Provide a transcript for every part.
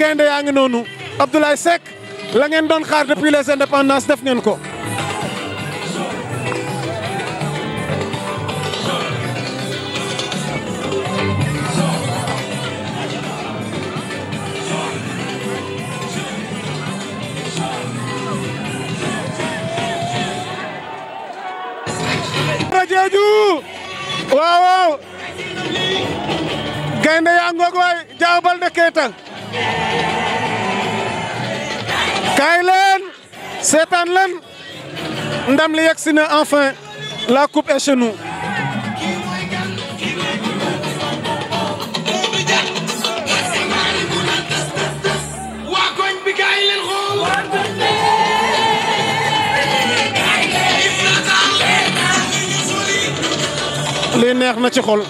gaynde yaa ngi noonu Abdoulaye Seck la ngeen doon xaar depuis les indépendances def ngeen ko Diaw Baldé Keita kaay leen seetaan leen ndam li yegsi na enfin la coupe est chez neex na ci xol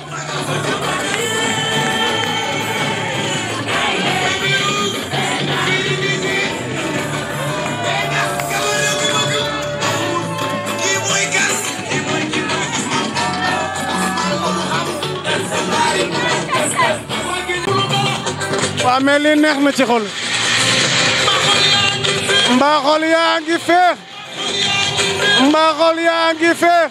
waaw mais lii neex na ci xol mbaa xol yaa ngi feex mbaa xol yaa ngi feex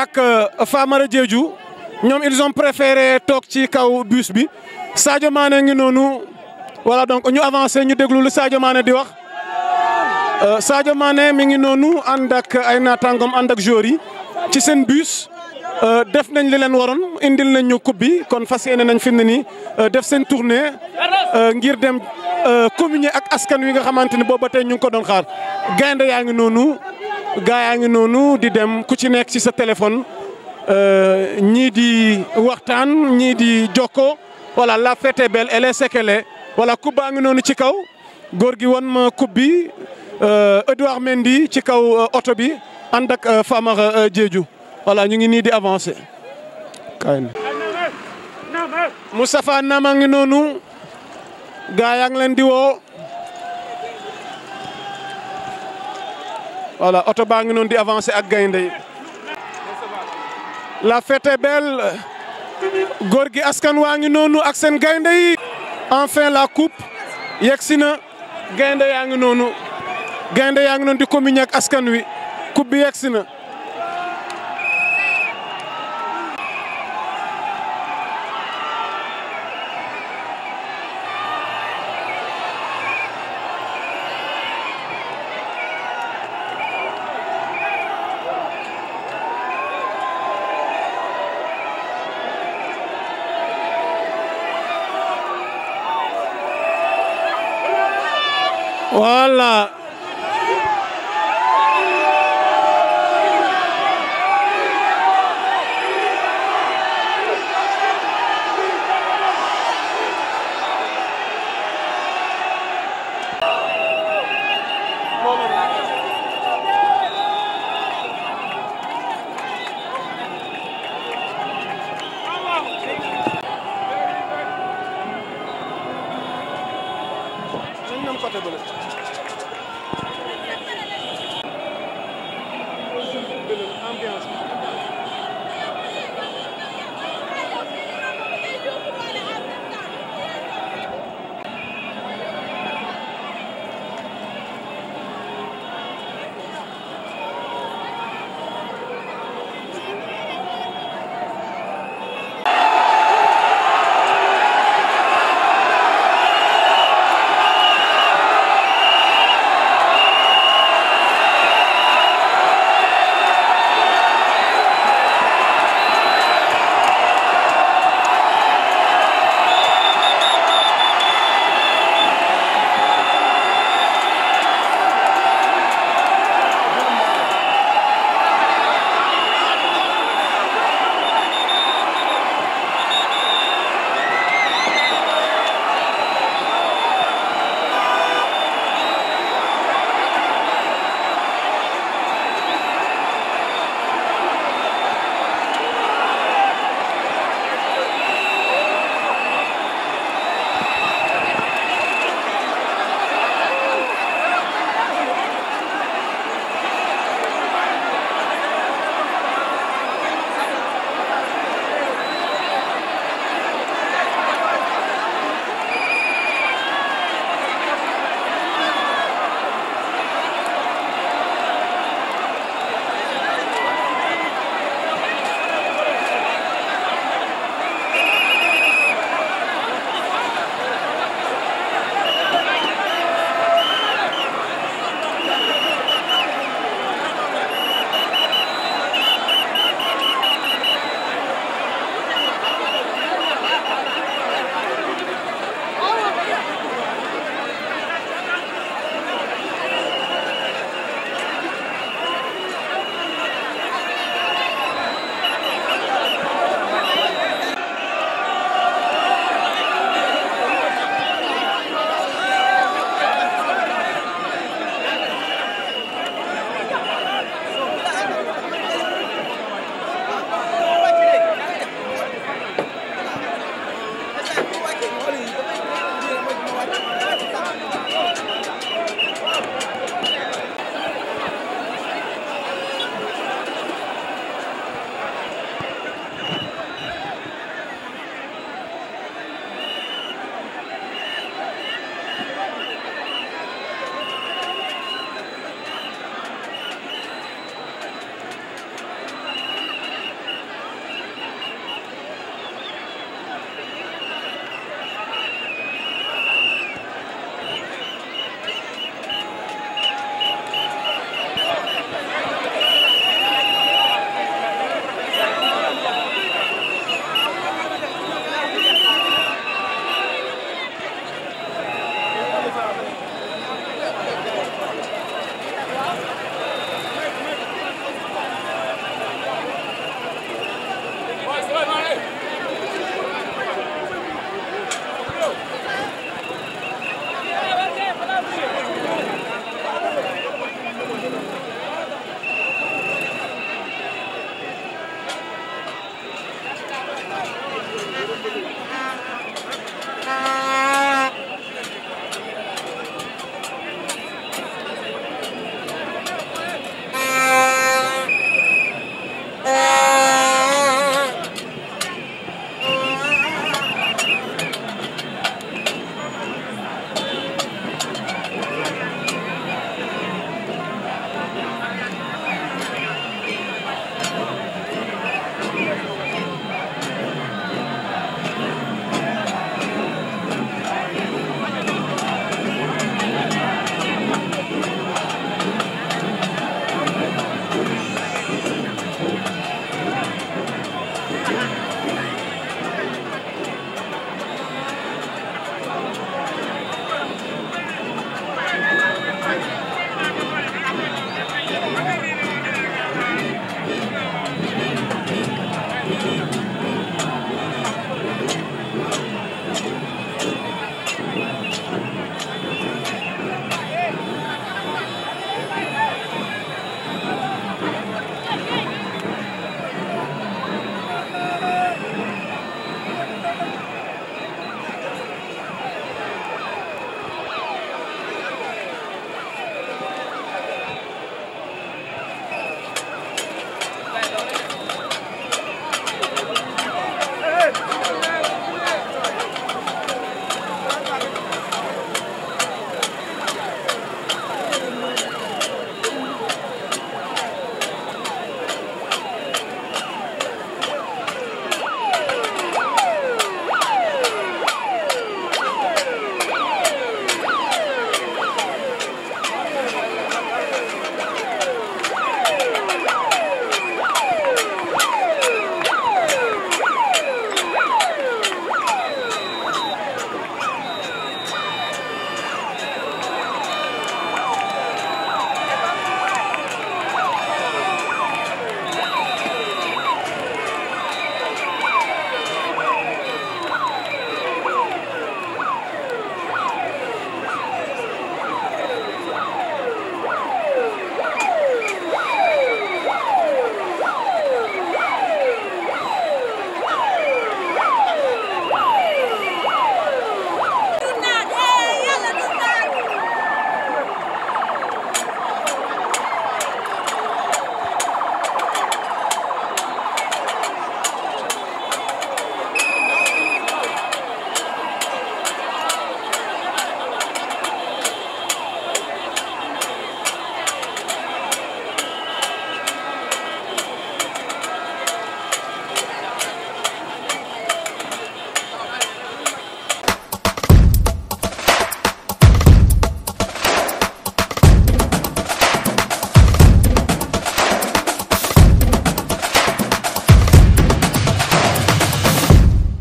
ak euh, faamara Diédhiou ñoom ils ont préféré toog ci kaw bus bi saajo maane ngi noonu voilà donc ñu avancé ñu déglu lu saajo Mané di wax euh, Sadio maane mi ngi noonu ànd ay naataangoom ànd ak joueurs yi ci seen bus. Euh, def nañ li leen waroon indil nañ ñu bi kon fas yéene nañ fi mu nii def seen tournée ngir dem communier ak askan wi nga xamante ni booba tey ñu ngi ko doon xaar gaynde yaa ngi noonu. gaa yaa ngi noonu di dem ku ci nekk ci sa téléphone euh, ñii di waxtaan ñii di jokko voilà la fête est belle elle est séquelée baa ngi noonu ci kaw góor gi won ma coupe bi Edouard euh, Mendy ci kaw euh, oto bi ànd ak Famara Diédhiou voilà ñu ngi nii di avancé. Moustapha Nam a noonu gaa yaa ngi leen di woo. voilà oto baa ngi noonu di avancé ak gaynde yi la fête est belle góor gi askan waa ngi noonu ak seen gaynde yi enfin la coupe yegsi na gaynde yaa ngi noonu gaynde yaa ngi noonu di communier ak askan wi coupe bi yegsi na Voilà.